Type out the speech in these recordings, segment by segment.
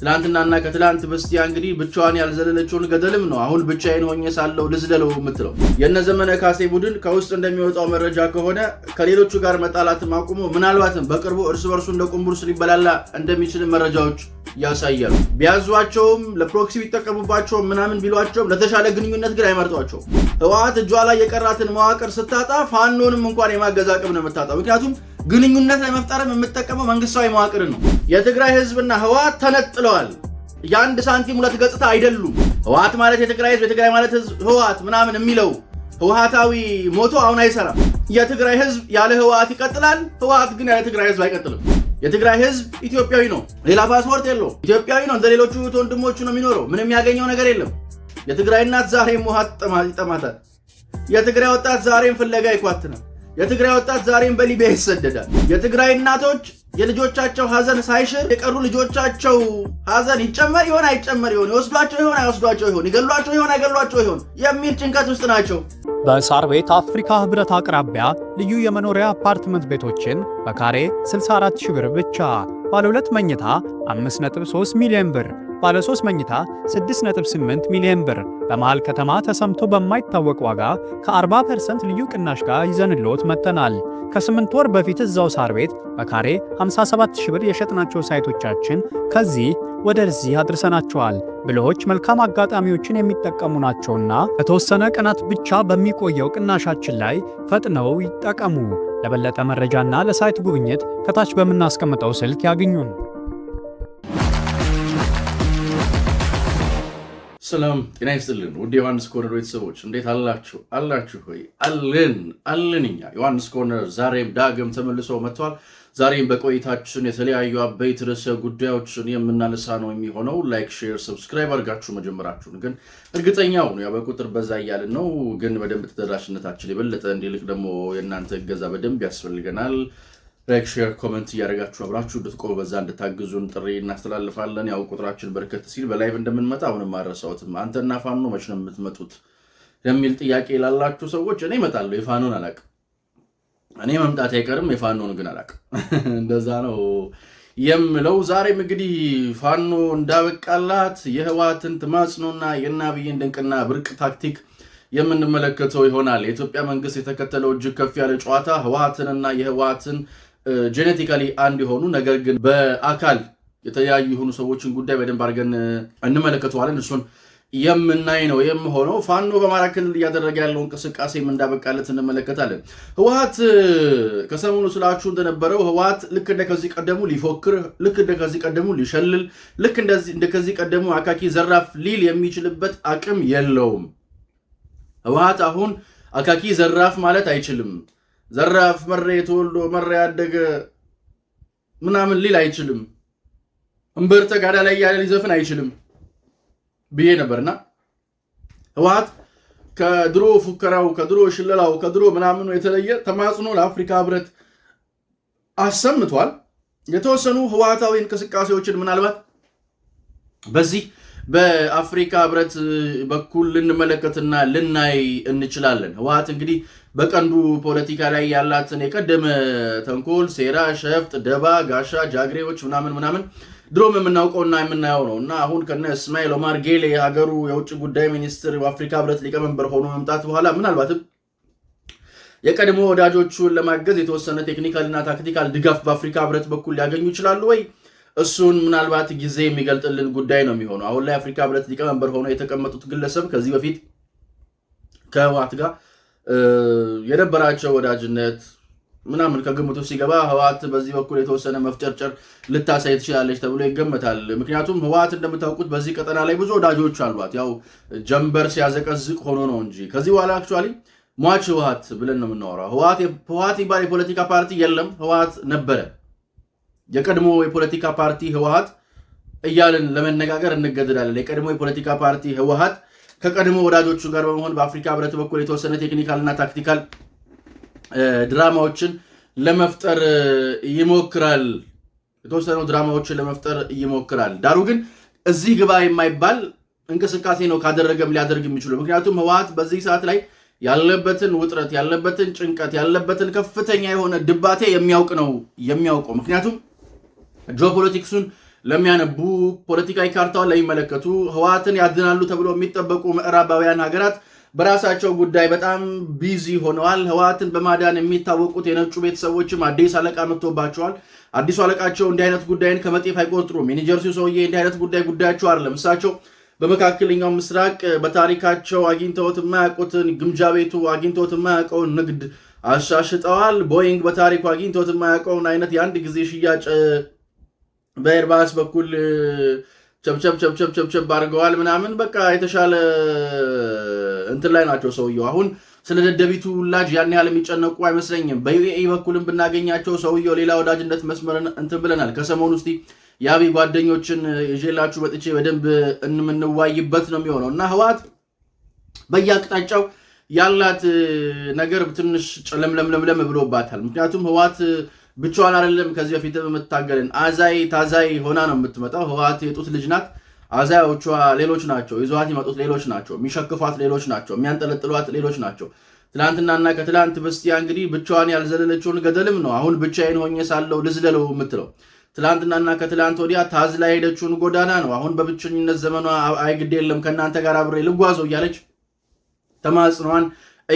ትላንትናና ከትላንት በስቲያ እንግዲህ ብቻዋን ያልዘለለችውን ገደልም ነው አሁን ብቻዬን ሆኜ ሳለው ልዝለለው የምትለው። የነ ዘመነ ካሴ ቡድን ከውስጥ እንደሚወጣው መረጃ ከሆነ ከሌሎቹ ጋር መጣላትም አቁሞ ምናልባትም በቅርቡ እርስ በርሱ እንደ ቁንቡርስ ሊበላላ እንደሚችል መረጃዎች ያሳያሉ። ቢያዟቸውም ለፕሮክሲ ቢጠቀሙባቸውም ምናምን ቢሏቸውም ለተሻለ ግንኙነት ግን አይመርጧቸውም። ህወሓት እጇ ላይ የቀራትን መዋቅር ስታጣ ፋኖንም እንኳን የማገዝ አቅም ነው የምታጣው። ምክንያቱም ግንኙነት ለመፍጠርም የምጠቀመው መንግስታዊ መዋቅር ነው። የትግራይ ህዝብና ህወሓት ተነጥለዋል። የአንድ ሳንቲም ሁለት ገጽታ አይደሉም። ህወሓት ማለት የትግራይ ህዝብ፣ የትግራይ ማለት ህወሓት ምናምን የሚለው ህወሓታዊ ሞቶ አሁን አይሰራም። የትግራይ ህዝብ ያለ ህወሓት ይቀጥላል። ህወሓት ግን ያለ ትግራይ ህዝብ አይቀጥልም። የትግራይ ህዝብ ኢትዮጵያዊ ነው። ሌላ ፓስፖርት የለው። ኢትዮጵያዊ ነው። እንደ ሌሎቹ ወንድሞቹ ነው የሚኖረው። ምንም የሚያገኘው ነገር የለም። የትግራይ እናት ዛሬም ውሃ ይጠማታል። የትግራይ ወጣት ዛሬም ፍለጋ ይኳትናል። የትግራይ ወጣት ዛሬም በሊቢያ ይሰደዳል። የትግራይ እናቶች የልጆቻቸው ሀዘን ሳይሽር የቀሩ ልጆቻቸው ሀዘን ይጨመር ይሆን አይጨመር ይሆን ይወስዷቸው ይሆን አይወስዷቸው ይሆን ይገሏቸው ይሆን አይገሏቸው ይሆን የሚል ጭንቀት ውስጥ ናቸው። በሳር ቤት አፍሪካ ህብረት አቅራቢያ ልዩ የመኖሪያ አፓርትመንት ቤቶችን በካሬ 64 ሺህ ብር ብቻ ባለ ሁለት መኝታ 5.3 ሚሊዮን ብር ባለ 3 መኝታ 6.8 ሚሊዮን ብር በመሃል ከተማ ተሰምቶ በማይታወቅ ዋጋ ከ40% ልዩ ቅናሽ ጋር ይዘንልዎት መጥተናል። ከ8 ወር በፊት እዛው ሳር ቤት በካሬ 57000 ብር የሸጥናቸው ሳይቶቻችን ከዚህ ወደዚህ አድርሰናቸዋል። ብልሆች መልካም አጋጣሚዎችን የሚጠቀሙ ናቸውና በተወሰነ ቀናት ብቻ በሚቆየው ቅናሻችን ላይ ፈጥነው ይጠቀሙ። ለበለጠ መረጃና ለሳይት ጉብኝት ከታች በምናስቀምጠው ስልክ ያግኙን። ሰላም ጤና ይስጥልን ውድ ዮሐንስ ኮርነር ቤተሰቦች እንዴት አላችሁ? አላችሁ ሆይ አልን አልን። እኛ ዮሐንስ ኮርነር ዛሬም ዳግም ተመልሶ መጥቷል። ዛሬም በቆይታችን የተለያዩ አበይት ርዕሰ ጉዳዮችን የምናነሳ ነው የሚሆነው። ላይክ፣ ሼር፣ ሰብስክራይብ አድርጋችሁ መጀመራችሁን ግን እርግጠኛ ነው በቁጥር በዛ እያልን ነው፣ ግን በደንብ ተደራሽነታችን የበለጠ እንዲልቅ ደግሞ የእናንተ እገዛ በደንብ ያስፈልገናል። ላይክ ሼር ኮመንት እያደረጋችሁ አብራችሁ እንድትቆሩ በዛ እንድታግዙን ጥሪ እናስተላልፋለን። ያው ቁጥራችን በርከት ሲል በላይቭ እንደምንመጣ አሁንም አረሳሁትም። አንተና ፋኖ መች ነው የምትመጡት የሚል ጥያቄ ላላችሁ ሰዎች እኔ እመጣለሁ። የፋኖን አላቅም፣ እኔ መምጣት አይቀርም። የፋኖን ግን አላቅም። እንደዛ ነው የምለው። ዛሬም እንግዲህ ፋኖ እንዳበቃላት የህወሓትን ተማጽኖና የአብይን ድንቅና ብርቅ ታክቲክ የምንመለከተው ይሆናል። የኢትዮጵያ መንግስት የተከተለው እጅግ ከፍ ያለ ጨዋታ ህወሓትንና የህወሓትን ጄኔቲካሊ አንድ የሆኑ ነገር ግን በአካል የተለያዩ የሆኑ ሰዎችን ጉዳይ በደንብ አድርገን እንመለከተዋለን። እሱን የምናይ ነው የምሆነው። ፋኖ በአማራ ክልል እያደረገ ያለው እንቅስቃሴም እንዳበቃለት እንመለከታለን። ህወሀት ከሰሞኑ ስላችሁ እንደነበረው ህወሀት ልክ እንደ ከዚህ ቀደሙ ሊፎክር፣ ልክ እንደ ከዚህ ቀደሙ ሊሸልል፣ ልክ እንደ ከዚህ ቀደሙ አካኪ ዘራፍ ሊል የሚችልበት አቅም የለውም። ህወሀት አሁን አካኪ ዘራፍ ማለት አይችልም። ዘራፍ መሬ ተወልዶ መሬ ያደገ ምናምን ሊል አይችልም። እምበር ተጋዳ ላይ ያለ ሊዘፍን አይችልም ብዬ ነበርና ህወሓት ከድሮ ፉከራው፣ ከድሮ ሽለላው፣ ከድሮ ምናምኑ የተለየ ተማጽኖ ለአፍሪካ ህብረት አሰምቷል። የተወሰኑ ህወሓታዊ እንቅስቃሴዎችን ምናልባት በዚህ በአፍሪካ ህብረት በኩል ልንመለከትና ልናይ እንችላለን። ህወሓት እንግዲህ በቀንዱ ፖለቲካ ላይ ያላትን የቀደመ ተንኮል፣ ሴራ፣ ሸፍጥ፣ ደባ፣ ጋሻ፣ ጃግሬዎች ምናምን ምናምን ድሮም የምናውቀውና የምናየው ነው እና አሁን ከነ እስማኤል ኦማር ጌሌ የሀገሩ የውጭ ጉዳይ ሚኒስትር በአፍሪካ ህብረት ሊቀመንበር ሆኖ መምጣት በኋላ ምናልባትም የቀድሞ ወዳጆቹን ለማገዝ የተወሰነ ቴክኒካል እና ታክቲካል ድጋፍ በአፍሪካ ህብረት በኩል ሊያገኙ ይችላሉ ወይ? እሱን ምናልባት ጊዜ የሚገልጥልን ጉዳይ ነው የሚሆነው። አሁን ላይ አፍሪካ ህብረት ሊቀመንበር ሆኖ የተቀመጡት ግለሰብ ከዚህ በፊት ከህወሓት ጋር የነበራቸው ወዳጅነት ምናምን ከግምቱ ሲገባ ህወሓት በዚህ በኩል የተወሰነ መፍጨርጨር ልታሳይ ትችላለች ተብሎ ይገመታል። ምክንያቱም ህወሓት እንደምታውቁት በዚህ ቀጠና ላይ ብዙ ወዳጆች አሏት። ያው ጀንበር ሲያዘቀዝቅ ሆኖ ነው እንጂ ከዚህ በኋላ አክቹዋሊ ሟች ህወሓት ብለን ነው የምናወራው። ህወሓት ይባል የፖለቲካ ፓርቲ የለም፣ ህወሓት ነበረ። የቀድሞ የፖለቲካ ፓርቲ ህወሓት እያልን ለመነጋገር እንገደዳለን። የቀድሞ የፖለቲካ ፓርቲ ህወሓት ከቀድሞ ወዳጆቹ ጋር በመሆን በአፍሪካ ህብረት በኩል የተወሰነ ቴክኒካል እና ታክቲካል ድራማዎችን ለመፍጠር ይሞክራል የተወሰኑ ድራማዎችን ለመፍጠር ይሞክራል። ዳሩ ግን እዚህ ግባ የማይባል እንቅስቃሴ ነው ካደረገም ሊያደርግ የሚችሉ ምክንያቱም ህወሓት በዚህ ሰዓት ላይ ያለበትን ውጥረት ያለበትን ጭንቀት ያለበትን ከፍተኛ የሆነ ድባቴ የሚያውቅ ነው የሚያውቀው ምክንያቱም ጂኦፖለቲክሱን ለሚያነቡ ፖለቲካዊ ካርታውን ለሚመለከቱ ህወሓትን ያድናሉ ተብሎ የሚጠበቁ ምዕራባውያን ሀገራት በራሳቸው ጉዳይ በጣም ቢዚ ሆነዋል። ህወሓትን በማዳን የሚታወቁት የነጩ ቤተሰቦችም አዲስ አለቃ መጥቶባቸዋል። አዲሱ አለቃቸው እንዲህ አይነት ጉዳይን ከመጤፍ አይቆጥሩም። የኒጀርሲው ሰውዬ እንዲህ አይነት ጉዳይ ጉዳያቸው አይደለም። እሳቸው በመካከለኛው ምስራቅ በታሪካቸው አግኝተውት የማያውቁትን ግምጃ ቤቱ አግኝተውት የማያውቀውን ንግድ አሻሽጠዋል። ቦይንግ በታሪኩ አግኝተውት የማያውቀውን አይነት የአንድ ጊዜ ሽያጭ በኤርባስ በኩል ቸብቸብ ቸብቸብ ቸብቸብ አድርገዋል ምናምን በቃ የተሻለ እንትን ላይ ናቸው ሰውየው። አሁን ስለ ደደቢቱ ውላጅ ያን ያህል የሚጨነቁ አይመስለኝም። በዩኤ በኩልም ብናገኛቸው ሰውየው ሌላ ወዳጅነት መስመርን እንትን ብለናል። ከሰሞኑ ውስጥ የአቢ ጓደኞችን ይዤላችሁ መጥቼ በደንብ እንምንዋይበት ነው የሚሆነው እና ህወሓት በየአቅጣጫው ያላት ነገር ትንሽ ጨለምለምለምለም ብሎባታል። ምክንያቱም ህወሓት ብቻዋን አይደለም ከዚህ በፊት የምታገልን አዛይ ታዛይ ሆና ነው የምትመጣው። ህወሓት የጡት ልጅ ናት። አዛዮቿ ሌሎች ናቸው። ይዘዋት ይመጡት ሌሎች ናቸው። የሚሸክፏት ሌሎች ናቸው። የሚያንጠለጥሏት ሌሎች ናቸው። ትናንትናና ከትላንት በስቲያ እንግዲህ ብቻዋን ያልዘለለችውን ገደልም ነው አሁን ብቻዬን ሆኜ ሳለው ልዝለለው የምትለው። ትላንትናና ከትላንት ወዲያ ታዝላ ሄደችውን ጎዳና ነው አሁን በብቸኝነት ዘመኗ አይግድ የለም ከእናንተ ጋር አብሬ ልጓዘው እያለች ተማጽኗን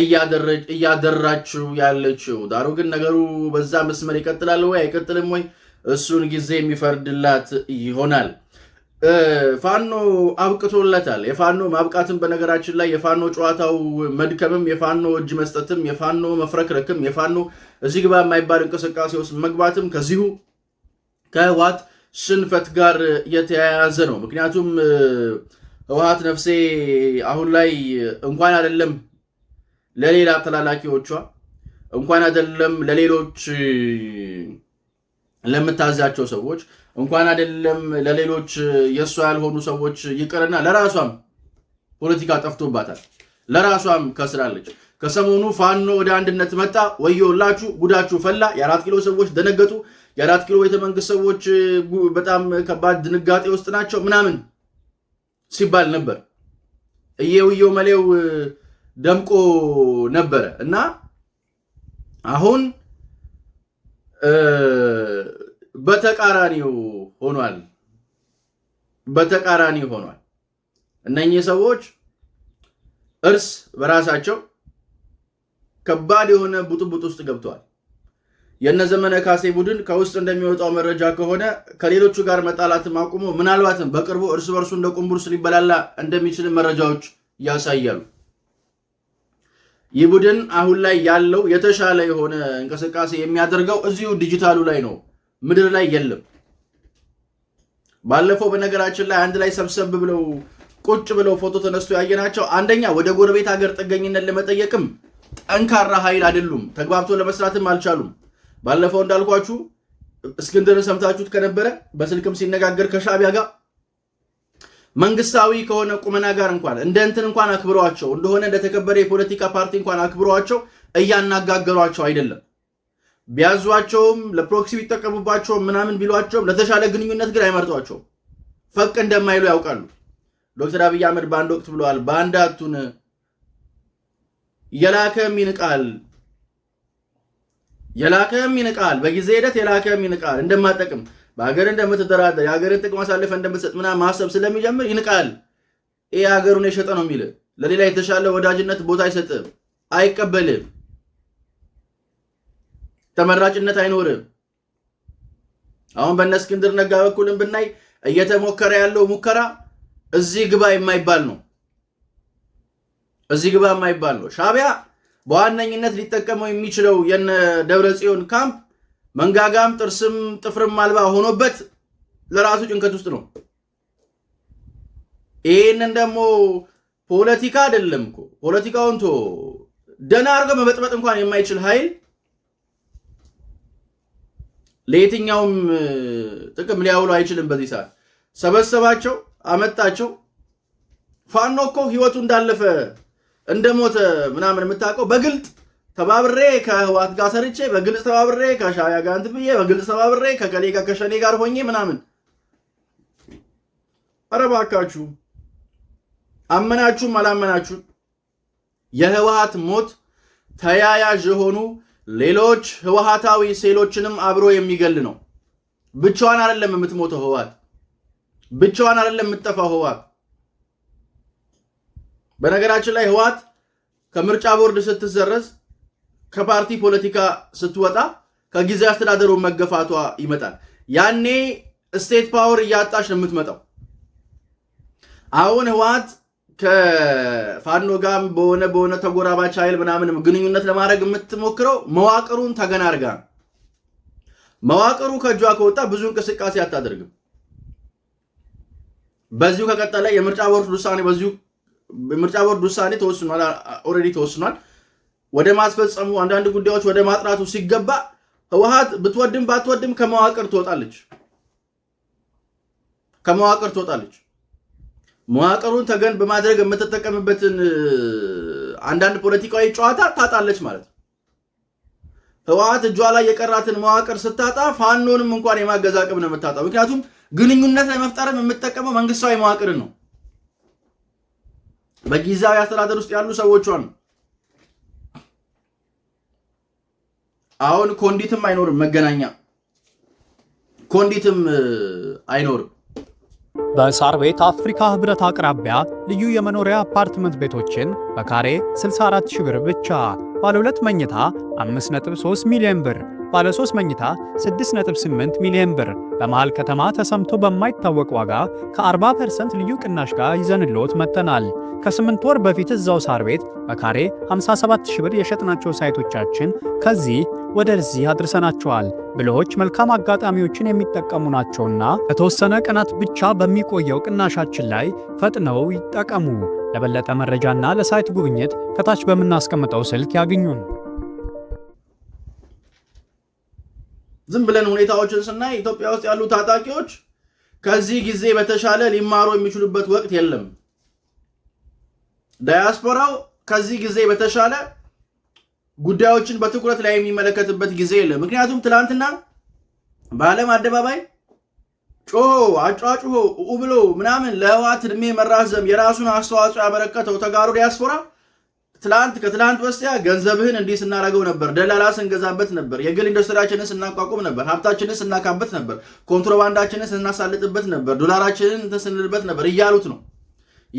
እያደራችሁ ያለችው። ዳሩ ግን ነገሩ በዛ መስመር ይቀጥላል ወይ አይቀጥልም ወይ እሱን ጊዜ የሚፈርድላት ይሆናል። ፋኖ አብቅቶለታል። የፋኖ ማብቃትም በነገራችን ላይ የፋኖ ጨዋታው መድከምም፣ የፋኖ እጅ መስጠትም፣ የፋኖ መፍረክረክም፣ የፋኖ እዚህ ግባ የማይባል እንቅስቃሴ ውስጥ መግባትም ከዚሁ ከህወሓት ሽንፈት ጋር የተያያዘ ነው። ምክንያቱም ህወሓት ነፍሴ አሁን ላይ እንኳን አይደለም ለሌላ ተላላኪዎቿ እንኳን አይደለም ለሌሎች ለምታዛቸው ሰዎች እንኳን አይደለም ለሌሎች የእሷ ያልሆኑ ሰዎች ይቅርና ለራሷም ፖለቲካ ጠፍቶባታል። ለራሷም ከስራለች። ከሰሞኑ ፋኖ ወደ አንድነት መጣ፣ ወዮላችሁ፣ ጉዳችሁ ፈላ። የአራት ኪሎ ሰዎች ደነገጡ። የአራት ኪሎ ቤተመንግስት ሰዎች በጣም ከባድ ድንጋጤ ውስጥ ናቸው ምናምን ሲባል ነበር እየውየው መሌው ደምቆ ነበረ እና አሁን በተቃራኒው ሆኗል። በተቃራኒ ሆኗል። እነኚህ ሰዎች እርስ በራሳቸው ከባድ የሆነ ቡጥቡጥ ውስጥ ገብተዋል። የነ ዘመነ ካሴ ቡድን ከውስጥ እንደሚወጣው መረጃ ከሆነ ከሌሎቹ ጋር መጣላትም አቁሞ ምናልባትም በቅርቡ እርስ በርሱ እንደ ቁንቡርስ ሊበላላ እንደሚችል መረጃዎች ያሳያሉ። ይህ ቡድን አሁን ላይ ያለው የተሻለ የሆነ እንቅስቃሴ የሚያደርገው እዚሁ ዲጂታሉ ላይ ነው፣ ምድር ላይ የለም። ባለፈው በነገራችን ላይ አንድ ላይ ሰብሰብ ብለው ቁጭ ብለው ፎቶ ተነስቶ ያየናቸው አንደኛ ወደ ጎረቤት ሀገር ጥገኝነት ለመጠየቅም ጠንካራ ኃይል አይደሉም። ተግባብቶ ለመስራትም አልቻሉም። ባለፈው እንዳልኳችሁ እስክንድርን ሰምታችሁት ከነበረ በስልክም ሲነጋገር ከሻቢያ ጋር መንግስታዊ ከሆነ ቁመና ጋር እንኳን እንደ እንትን እንኳን አክብሯቸው እንደሆነ እንደተከበረ የፖለቲካ ፓርቲ እንኳን አክብሯቸው እያናጋገሯቸው አይደለም። ቢያዟቸውም ለፕሮክሲ ቢጠቀሙባቸውም ምናምን ቢሏቸውም ለተሻለ ግንኙነት ግን አይመርጧቸውም። ፈቅ እንደማይሉ ያውቃሉ። ዶክተር አብይ አህመድ በአንድ ወቅት ብለዋል፣ በአንዳቱን የላከም ይንቃል፣ የላከም ይንቃል፣ በጊዜ ሂደት የላከም ይንቃል እንደማጠቅም በሀገር እንደምትደራደር የሀገርን ጥቅም አሳልፈ እንደምትሰጥ ምናምን ማሰብ ስለሚጀምር ይንቃል። ይህ ሀገሩን የሸጠ ነው የሚል ለሌላ የተሻለ ወዳጅነት ቦታ አይሰጥም፣ አይቀበልም፣ ተመራጭነት አይኖርም። አሁን በእነ እስክንድር ነጋ በኩልም ብናይ እየተሞከረ ያለው ሙከራ እዚህ ግባ የማይባል ነው። እዚህ ግባ የማይባል ነው። ሻቢያ በዋነኝነት ሊጠቀመው የሚችለው የነ ደብረ ጽዮን ካምፕ መንጋጋም ጥርስም ጥፍርም አልባ ሆኖበት ለራሱ ጭንቀት ውስጥ ነው። ይህንን ደግሞ ፖለቲካ አይደለም እኮ ፖለቲካውን ቶ ደህና አድርገው መበጥበጥ እንኳን የማይችል ኃይል ለየትኛውም ጥቅም ሊያውሉ አይችልም። በዚህ ሰዓት ሰበሰባቸው፣ አመጣቸው። ፋኖ እኮ ህይወቱ እንዳለፈ እንደሞተ ምናምን የምታውቀው በግልጥ ተባብሬ ከህዋት ጋር ሰርቼ በግልጽ ተባብሬ ከሻያ ጋር እንትን ብዬ በግልጽ ተባብሬ ከቀሌ ጋር ከሸኔ ጋር ሆኜ ምናምን። ኧረ እባካችሁ አመናችሁም አላመናችሁ የህወሀት ሞት ተያያዥ የሆኑ ሌሎች ህወሀታዊ ሴሎችንም አብሮ የሚገል ነው። ብቻዋን አይደለም የምትሞተው ህወሀት፣ ብቻዋን አይደለም የምትጠፋው ህወሀት። በነገራችን ላይ ህወሀት ከምርጫ ቦርድ ስትዘረዝ ከፓርቲ ፖለቲካ ስትወጣ ከጊዜ አስተዳደሩ መገፋቷ ይመጣል። ያኔ ስቴት ፓወር እያጣች ነው የምትመጣው። አሁን ህወሓት ከፋኖ ጋር በሆነ በሆነ ተጎራባች ኃይል ምናምንም ግንኙነት ለማድረግ የምትሞክረው መዋቅሩን ተገናርጋ ነው። መዋቅሩ ከእጇ ከወጣ ብዙ እንቅስቃሴ አታደርግም። በዚሁ ከቀጠለ የምርጫ ቦርድ ውሳኔ በዚሁ የምርጫ ቦርድ ውሳኔ ተወስኗል፣ ኦልሬዲ ተወስኗል። ወደ ማስፈጸሙ አንዳንድ ጉዳዮች ወደ ማጥራቱ ሲገባ ህወሓት ብትወድም ባትወድም ከመዋቅር ትወጣለች ከመዋቅር ትወጣለች። መዋቅሩን ተገን በማድረግ የምትጠቀምበትን አንዳንድ ፖለቲካዊ ጨዋታ ታጣለች ማለት ነው። ህወሓት እጇ ላይ የቀራትን መዋቅር ስታጣ ፋኖንም እንኳን የማገዝ አቅም ነው የምታጣው። ምክንያቱም ግንኙነት ለመፍጠርም የምትጠቀመው መንግስታዊ መዋቅርን ነው፣ በጊዜያዊ አስተዳደር ውስጥ ያሉ ሰዎቿን ነው። አሁን ኮንዲትም አይኖርም፣ መገናኛ ኮንዲትም አይኖርም። በሳር ቤት አፍሪካ ህብረት አቅራቢያ ልዩ የመኖሪያ አፓርትመንት ቤቶችን በካሬ 64 ሺህ ብር ብቻ፣ ባለ 2 መኝታ 5.3 ሚሊዮን ብር፣ ባለ 3 መኝታ 6.8 ሚሊዮን ብር በመሃል ከተማ ተሰምቶ በማይታወቅ ዋጋ ከ40% ልዩ ቅናሽ ጋር ይዘንልዎት መጥተናል። ከ8 ወር በፊት እዛው ሳር ቤት በካሬ 57 ሺህ ብር የሸጥናቸው ሳይቶቻችን ከዚህ ወደዚህ አድርሰናቸዋል። ብልሆች መልካም አጋጣሚዎችን የሚጠቀሙ ናቸውና ከተወሰነ ቀናት ብቻ በሚቆየው ቅናሻችን ላይ ፈጥነው ይጠቀሙ። ለበለጠ መረጃና ለሳይት ጉብኝት ከታች በምናስቀምጠው ስልክ ያግኙን። ዝም ብለን ሁኔታዎችን ስናይ ኢትዮጵያ ውስጥ ያሉ ታጣቂዎች ከዚህ ጊዜ በተሻለ ሊማሩ የሚችሉበት ወቅት የለም። ዳያስፖራው ከዚህ ጊዜ በተሻለ ጉዳዮችን በትኩረት ላይ የሚመለከትበት ጊዜ የለም። ምክንያቱም ትላንትና በዓለም አደባባይ ጮሆ አጫጩሆ ኡ ብሎ ምናምን ለህዋት እድሜ መራዘም የራሱን አስተዋጽኦ ያበረከተው ተጋሩ ዲያስፖራ ትላንት ከትላንት በስቲያ ገንዘብህን እንዲህ ስናደርገው ነበር፣ ደላላ ስንገዛበት ነበር፣ የግል ኢንዱስትሪያችንን ስናቋቁም ነበር፣ ሀብታችንን ስናካበት ነበር፣ ኮንትሮባንዳችንን ስናሳልጥበት ነበር፣ ዶላራችንን ስንልበት ነበር እያሉት ነው።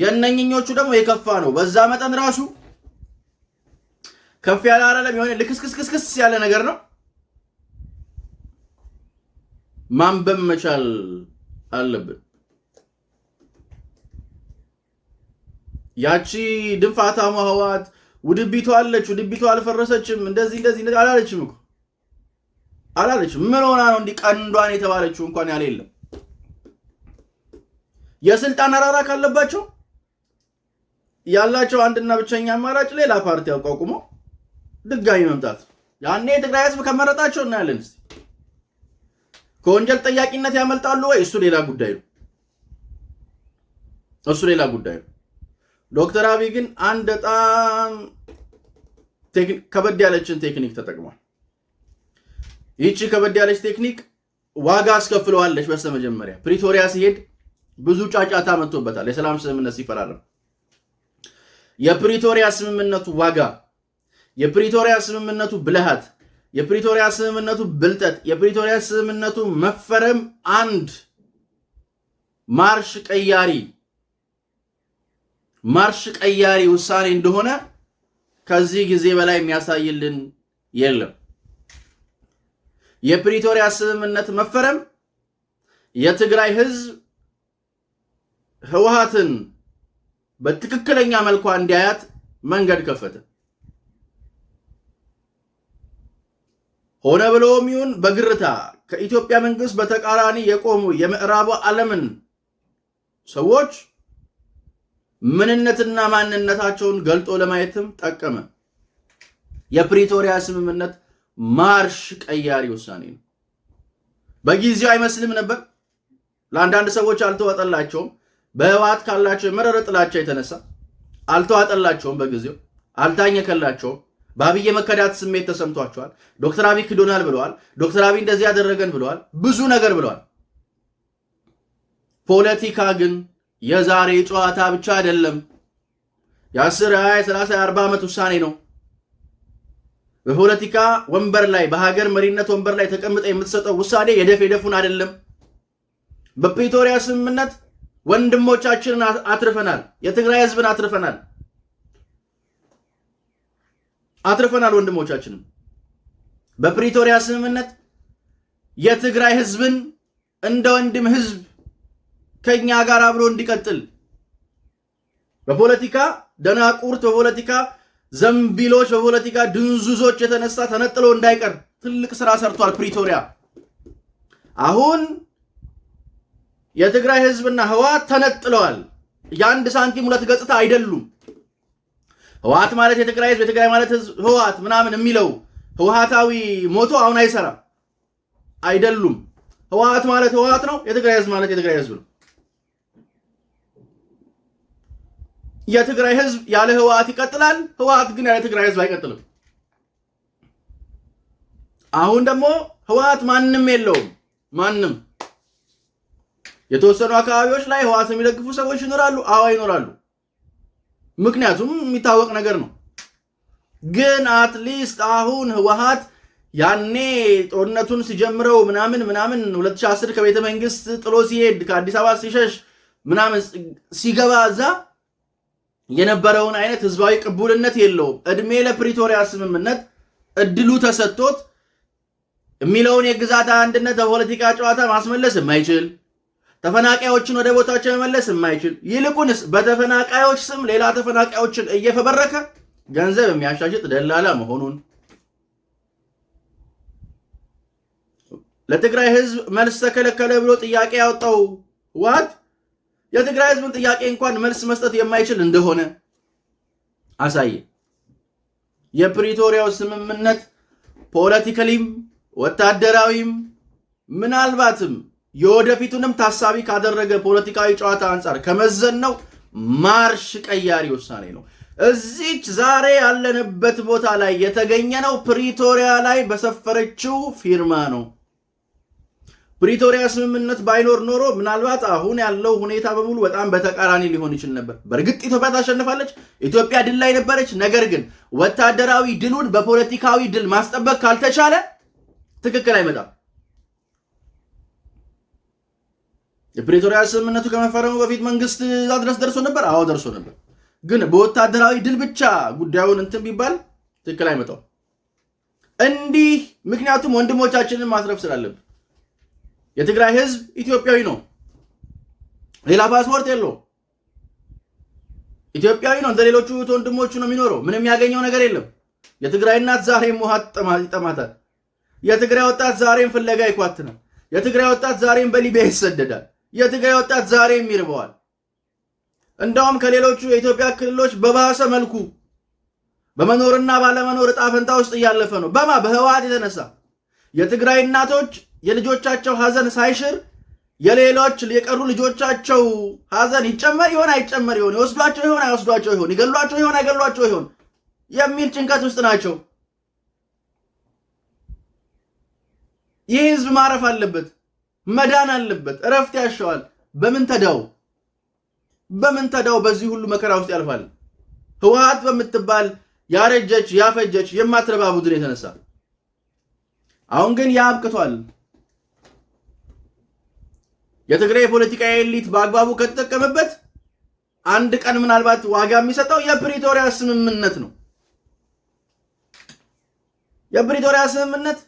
የእነኝኞቹ ደግሞ የከፋ ነው። በዛ መጠን ራሱ ከፍ ያለ አይደለም። የሆነ ልክስክስክስክስ ያለ ነገር ነው። ማንበብ መቻል አለብን። ያቺ ድንፋታ ህወሓት ውድቢቷ አለች፣ ውድቢቷ አልፈረሰችም፣ እንደዚህ እንደዚህ እንደዚህ አላለችም እኮ አላለችም። ምን ሆና ነው እንዲህ ቀንዷን የተባለችው? እንኳን ያለ የለም። የስልጣን አራራ ካለባቸው ያላቸው አንድና ብቸኛ አማራጭ ሌላ ፓርቲ አቋቁመው ድጋሚ መምጣት ያኔ የትግራይ ህዝብ ከመረጣቸው እናያለን። እስኪ ከወንጀል ጠያቂነት ያመልጣሉ ወይ? እሱ ሌላ ጉዳይ ነው። እሱ ሌላ ጉዳይ ነው። ዶክተር አብይ ግን አንድ በጣም ከበድ ያለችን ቴክኒክ ተጠቅሟል። ይቺ ከበድ ያለች ቴክኒክ ዋጋ አስከፍለዋለች። በስተመጀመሪያ ፕሪቶሪያ ሲሄድ ብዙ ጫጫታ መጥቶበታል። የሰላም ስምምነት ሲፈራረም የፕሪቶሪያ ስምምነቱ ዋጋ የፕሪቶሪያ ስምምነቱ ብልሃት፣ የፕሪቶሪያ ስምምነቱ ብልጠት፣ የፕሪቶሪያ ስምምነቱ መፈረም አንድ ማርሽ ቀያሪ ማርሽ ቀያሪ ውሳኔ እንደሆነ ከዚህ ጊዜ በላይ የሚያሳይልን የለም። የፕሪቶሪያ ስምምነት መፈረም የትግራይ ህዝብ ህወሓትን በትክክለኛ መልኳ እንዲያያት መንገድ ከፈተ። ሆነ ብለውም ይሁን በግርታ ከኢትዮጵያ መንግስት በተቃራኒ የቆሙ የምዕራቡ ዓለምን ሰዎች ምንነትና ማንነታቸውን ገልጦ ለማየትም ጠቀመ። የፕሪቶሪያ ስምምነት ማርሽ ቀያሪ ውሳኔ ነው። በጊዜው አይመስልም ነበር። ለአንዳንድ ሰዎች አልተዋጠላቸውም። በህወሓት ካላቸው የመረረ ጥላቻ የተነሳ አልተዋጠላቸውም። በጊዜው አልታኘከላቸውም። በአብይ መከዳት ስሜት ተሰምቷቸዋል። ዶክተር አብይ ክዶናል ብለዋል። ዶክተር አብይ እንደዚህ ያደረገን ብለዋል። ብዙ ነገር ብለዋል። ፖለቲካ ግን የዛሬ ጨዋታ ብቻ አይደለም። የአስር የሀያ የሰላሳ የአርባ ዓመት ውሳኔ ነው። በፖለቲካ ወንበር ላይ በሀገር መሪነት ወንበር ላይ ተቀምጠ የምትሰጠው ውሳኔ የደፍ የደፉን አይደለም። በፕሪቶሪያ ስምምነት ወንድሞቻችንን አትርፈናል። የትግራይ ህዝብን አትርፈናል። አትርፈናል ወንድሞቻችንም። በፕሪቶሪያ ስምምነት የትግራይ ህዝብን እንደ ወንድም ህዝብ ከኛ ጋር አብሮ እንዲቀጥል በፖለቲካ ደናቁርት፣ በፖለቲካ ዘንቢሎች፣ በፖለቲካ ድንዙዞች የተነሳ ተነጥሎ እንዳይቀር ትልቅ ስራ ሰርቷል ፕሪቶሪያ። አሁን የትግራይ ህዝብና ህወሓት ተነጥለዋል። የአንድ ሳንቲም ሁለት ገጽታ አይደሉም። ህወሀት ማለት የትግራይ ህዝብ፣ የትግራይ ማለት ህዝብ ህወሀት ምናምን የሚለው ህወሀታዊ ሞቶ አሁን አይሰራም። አይደሉም። ህወሀት ማለት ህወሀት ነው። የትግራይ ህዝብ ማለት የትግራይ ህዝብ ነው። የትግራይ ህዝብ ያለ ህወሀት ይቀጥላል። ህወሀት ግን ያለ ትግራይ ህዝብ አይቀጥልም። አሁን ደግሞ ህወሀት ማንም የለውም። ማንም የተወሰኑ አካባቢዎች ላይ ህወሀት የሚደግፉ ሰዎች ይኖራሉ። አዋ ይኖራሉ። ምክንያቱም የሚታወቅ ነገር ነው። ግን አትሊስት አሁን ህወሓት ያኔ ጦርነቱን ሲጀምረው ምናምን ምናምን 2010 ከቤተ መንግስት ጥሎ ሲሄድ ከአዲስ አበባ ሲሸሽ ምናምን ሲገባ እዛ የነበረውን አይነት ህዝባዊ ቅቡልነት የለውም። እድሜ ለፕሪቶሪያ ስምምነት እድሉ ተሰጥቶት የሚለውን የግዛት አንድነት በፖለቲካ ጨዋታ ማስመለስ የማይችል ተፈናቃዮችን ወደ ቦታቸው መመለስ የማይችል ይልቁንስ በተፈናቃዮች ስም ሌላ ተፈናቃዮችን እየፈበረከ ገንዘብ የሚያሻሽጥ ደላላ መሆኑን ለትግራይ ሕዝብ መልስ ተከለከለ ብሎ ጥያቄ ያወጣው ህወሓት የትግራይ ሕዝብን ጥያቄ እንኳን መልስ መስጠት የማይችል እንደሆነ አሳየ። የፕሪቶሪያው ስምምነት ፖለቲካሊም ወታደራዊም ምናልባትም የወደፊቱንም ታሳቢ ካደረገ ፖለቲካዊ ጨዋታ አንጻር ከመዘን ነው ማርሽ ቀያሪ ውሳኔ ነው። እዚች ዛሬ ያለንበት ቦታ ላይ የተገኘ ነው ፕሪቶሪያ ላይ በሰፈረችው ፊርማ ነው። ፕሪቶሪያ ስምምነት ባይኖር ኖሮ ምናልባት አሁን ያለው ሁኔታ በሙሉ በጣም በተቃራኒ ሊሆን ይችል ነበር። በእርግጥ ኢትዮጵያ ታሸንፋለች፣ ኢትዮጵያ ድል ላይ ነበረች። ነገር ግን ወታደራዊ ድሉን በፖለቲካዊ ድል ማስጠበቅ ካልተቻለ ትክክል አይመጣም። የፕሬቶሪያ ስምምነቱ ከመፈረሙ በፊት መንግስት እዛ ድረስ ደርሶ ነበር። አዎ ደርሶ ነበር። ግን በወታደራዊ ድል ብቻ ጉዳዩን እንትን ቢባል ትክክል አይመጣው እንዲህ። ምክንያቱም ወንድሞቻችንን ማስረፍ ስላለብን የትግራይ ህዝብ ኢትዮጵያዊ ነው። ሌላ ፓስፖርት የለው ኢትዮጵያዊ ነው። እንደ ሌሎቹ ወንድሞቹ ነው የሚኖረው። ምንም ያገኘው ነገር የለም። የትግራይ እናት ዛሬም ውሃ ይጠማታል። የትግራይ ወጣት ዛሬም ፍለጋ ይኳትናል። የትግራይ ወጣት ዛሬም በሊቢያ ይሰደዳል። የትግራይ ወጣት ዛሬም ይርበዋል። እንደውም ከሌሎቹ የኢትዮጵያ ክልሎች በባሰ መልኩ በመኖርና ባለመኖር እጣ ፈንታ ውስጥ እያለፈ ነው። በማ በህወሓት የተነሳ የትግራይ እናቶች የልጆቻቸው ሀዘን ሳይሽር የሌሎች የቀሩ ልጆቻቸው ሀዘን ይጨመር ይሆን አይጨመር ይሆን ይወስዷቸው ይሆን አይወስዷቸው ይሆን ይገሏቸው ይሆን አይገሏቸው ይሆን የሚል ጭንቀት ውስጥ ናቸው። ይህ ህዝብ ማረፍ አለበት። መዳን አለበት። እረፍት ያሻዋል። በምን ተዳው በምን ተዳው በዚህ ሁሉ መከራ ውስጥ ያልፋል። ህወሓት በምትባል ያረጀች ያፈጀች የማትረባ ቡድን የተነሳ አሁን ግን ያብቅቷል። የትግራይ ፖለቲካ ኤሊት በአግባቡ ከተጠቀመበት አንድ ቀን ምናልባት ዋጋ የሚሰጠው የፕሪቶሪያ ስምምነት ነው። የፕሪቶሪያ ስምምነት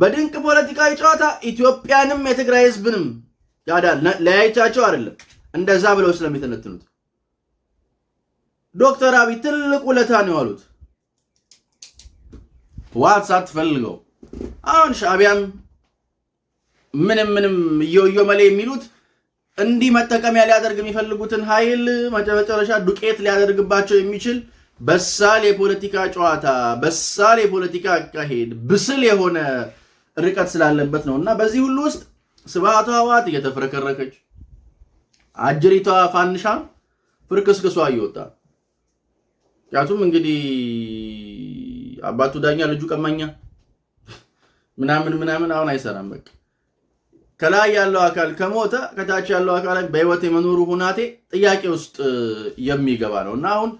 በድንቅ ፖለቲካዊ ጨዋታ ኢትዮጵያንም የትግራይ ህዝብንም ያዳል። ለያይቻቸው አይደለም እንደዛ ብለው ስለሚተነትኑት ዶክተር አብይ ትልቅ ውለታ ነው ያሉት። ዋት ሳትፈልገው አሁን ሻዕቢያም ምንም ምንም እየወዮ መሌ የሚሉት እንዲህ መጠቀሚያ ሊያደርግ የሚፈልጉትን ኃይል መጨረሻ ዱቄት ሊያደርግባቸው የሚችል በሳል የፖለቲካ ጨዋታ፣ በሳል የፖለቲካ አካሄድ፣ ብስል የሆነ ርቀት ስላለበት ነው። እና በዚህ ሁሉ ውስጥ ስብሃቷ ህወሓት እየተፈረከረከች አጅሪቷ ፋንሻ ፍርክስክሷ እየወጣ ምክንያቱም እንግዲህ አባቱ ዳኛ ልጁ ቀማኛ ምናምን ምናምን አሁን አይሰራም። በቃ ከላይ ያለው አካል ከሞተ ከታች ያለው አካል በህይወት የመኖሩ ሁናቴ ጥያቄ ውስጥ የሚገባ ነው እና አሁን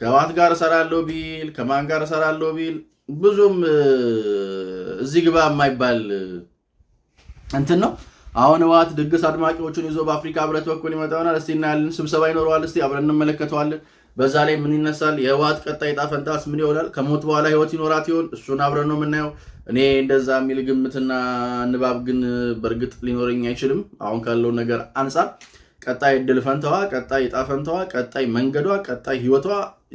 ከህወሓት ጋር እሰራለሁ ቢል ከማን ጋር እሰራለሁ ቢል ብዙም እዚህ ግባ የማይባል እንትን ነው። አሁን ህወሓት ድግስ አድማቂዎቹን ይዞ በአፍሪካ ህብረት በኩል ይመጣ ይሆናል። እስቲ እናያለን። ስብሰባ ይኖረዋል። እስቲ አብረን እንመለከተዋለን። በዛ ላይ ምን ይነሳል? የህወሓት ቀጣይ ዕጣ ፈንታስ ምን ይሆናል? ከሞት በኋላ ህይወት ይኖራት ይሆን? እሱን አብረን ነው የምናየው። እኔ እንደዛ የሚል ግምትና ንባብ ግን በእርግጥ ሊኖረኝ አይችልም። አሁን ካለው ነገር አንጻር ቀጣይ እድል ፈንታዋ፣ ቀጣይ ዕጣ ፈንታዋ፣ ቀጣይ መንገዷ፣ ቀጣይ ህይወቷ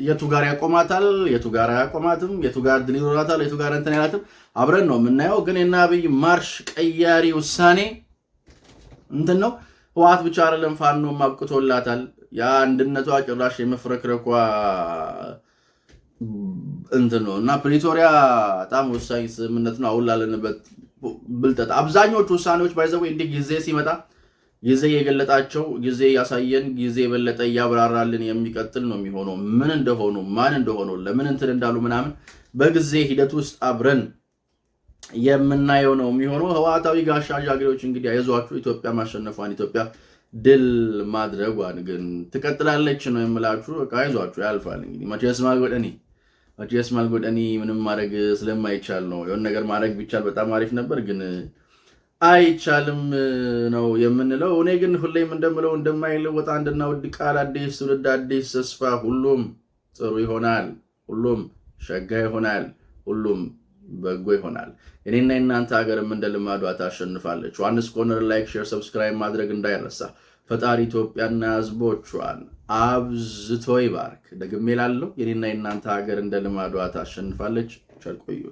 የቱ ጋር ያቆማታል፣ የቱ ጋር አያቆማትም፣ የቱ ጋር ድል ይኖራታል፣ የቱ ጋር እንትን ያላትም አብረን ነው የምናየው። ግን የእነ አብይ ማርሽ ቀያሪ ውሳኔ እንትን ነው። ህወሓት ብቻ አይደለም ፋኖም አብቅቶላታል። የአንድነቷ ጭራሽ የመፍረክረኳ እንትን ነው እና ፕሪቶሪያ በጣም ወሳኝ ስምምነት ነው። አሁን ላለንበት ብልጠት አብዛኞቹ ውሳኔዎች ባይዘው እንዲህ ጊዜ ሲመጣ ጊዜ የገለጣቸው ጊዜ ያሳየን ጊዜ የበለጠ እያብራራልን የሚቀጥል ነው የሚሆነው። ምን እንደሆኑ ማን እንደሆኑ ለምን እንትን እንዳሉ ምናምን በጊዜ ሂደት ውስጥ አብረን የምናየው ነው የሚሆነው። ህወሓታዊ ጋሻ ጃግሬዎች እንግዲህ አይዟችሁ፣ ኢትዮጵያ ማሸነፏን ኢትዮጵያ ድል ማድረጓን ግን ትቀጥላለች ነው የምላችሁ። በቃ አይዟችሁ፣ ያልፋል። እንግዲህ መቼስ ማልጎደኒ መቼስ ማልጎደኒ ምንም ማድረግ ስለማይቻል ነው። የሆነ ነገር ማድረግ ቢቻል በጣም አሪፍ ነበር ግን አይቻልም ነው የምንለው። እኔ ግን ሁሌም እንደምለው እንደማይለወጥ አንድና ውድ ቃል፣ አዲስ ትውልድ፣ አዲስ ተስፋ። ሁሉም ጥሩ ይሆናል፣ ሁሉም ሸጋ ይሆናል፣ ሁሉም በጎ ይሆናል። እኔና የእናንተ ሀገርም እንደ ልማዷ ታሸንፋለች። ዮሐንስ ኮርነር ላይክ፣ ሼር፣ ሰብስክራይብ ማድረግ እንዳይረሳ። ፈጣሪ ኢትዮጵያና ሕዝቦቿን አብዝቶ ይባርክ። ደግሜ ላለው የኔና የእናንተ ሀገር እንደ ልማዷ ታሸንፋለች። ቸር ቆዩ።